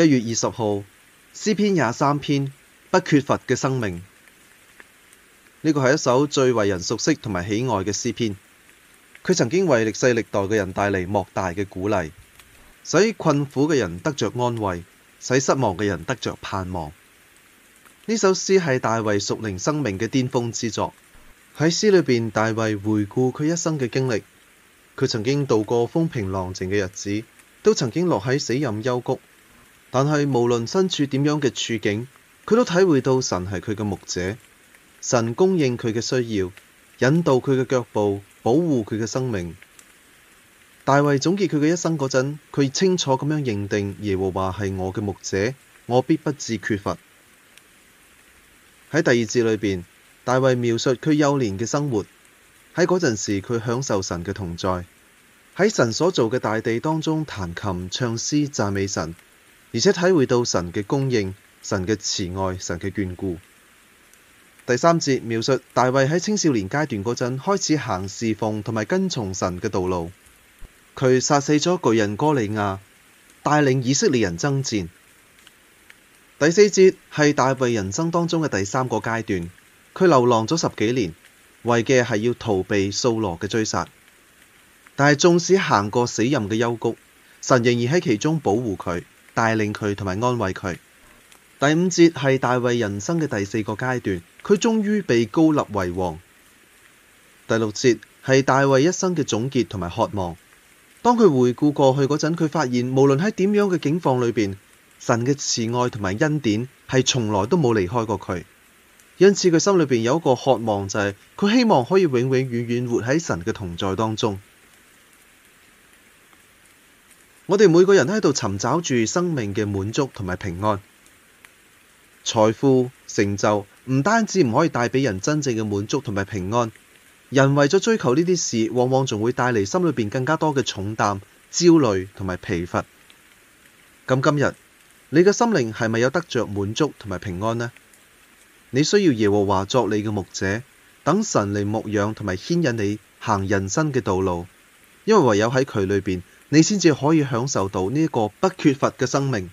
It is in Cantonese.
一月二十號，詩篇廿三篇，不缺乏嘅生命。呢個係一首最為人熟悉同埋喜愛嘅詩篇。佢曾經為歷世歷代嘅人帶嚟莫大嘅鼓勵，使困苦嘅人得着安慰，使失望嘅人得着盼望。呢首詩係大衛屬靈生命嘅巔峯之作。喺詩裏邊，大衛回顧佢一生嘅經歷，佢曾經度過風平浪靜嘅日子，都曾經落喺死蔭幽谷。但係，無論身處點樣嘅處境，佢都體會到神係佢嘅牧者，神供應佢嘅需要，引導佢嘅腳步，保護佢嘅生命。大衛總結佢嘅一生嗰陣，佢清楚咁樣認定耶和華係我嘅牧者，我必不致缺乏。喺第二節裏邊，大衛描述佢幼年嘅生活，喺嗰陣時佢享受神嘅同在，喺神所造嘅大地當中彈琴唱詩讚美神。而且體會到神嘅供應、神嘅慈愛、神嘅眷顧。第三節描述大衛喺青少年階段嗰陣開始行侍奉同埋跟從神嘅道路，佢殺死咗巨人哥利亞，帶領以色列人爭戰。第四節係大衛人生當中嘅第三個階段，佢流浪咗十幾年，為嘅係要逃避掃羅嘅追殺，但係縱使行過死蔭嘅幽谷，神仍然喺其中保護佢。帶領佢同埋安慰佢。第五節係大衛人生嘅第四個階段，佢終於被膏立為王。第六節係大衛一生嘅總結同埋渴望。當佢回顧過去嗰陣，佢發現無論喺點樣嘅境況裏邊，神嘅慈愛同埋恩典係從來都冇離開過佢。因此佢心裏邊有一個渴望，就係佢希望可以永永遠遠活喺神嘅同在當中。我哋每個人都喺度尋找住生命嘅滿足同埋平安，財富成就唔單止唔可以帶俾人真正嘅滿足同埋平安，人為咗追求呢啲事，往往仲會帶嚟心裏邊更加多嘅重擔、焦慮同埋疲乏。咁今日你嘅心靈係咪有得着滿足同埋平安呢？你需要耶和華作你嘅牧者，等神嚟牧養同埋牽引你行人生嘅道路，因為唯有喺佢裏邊。你先至可以享受到呢一個不缺乏嘅生命。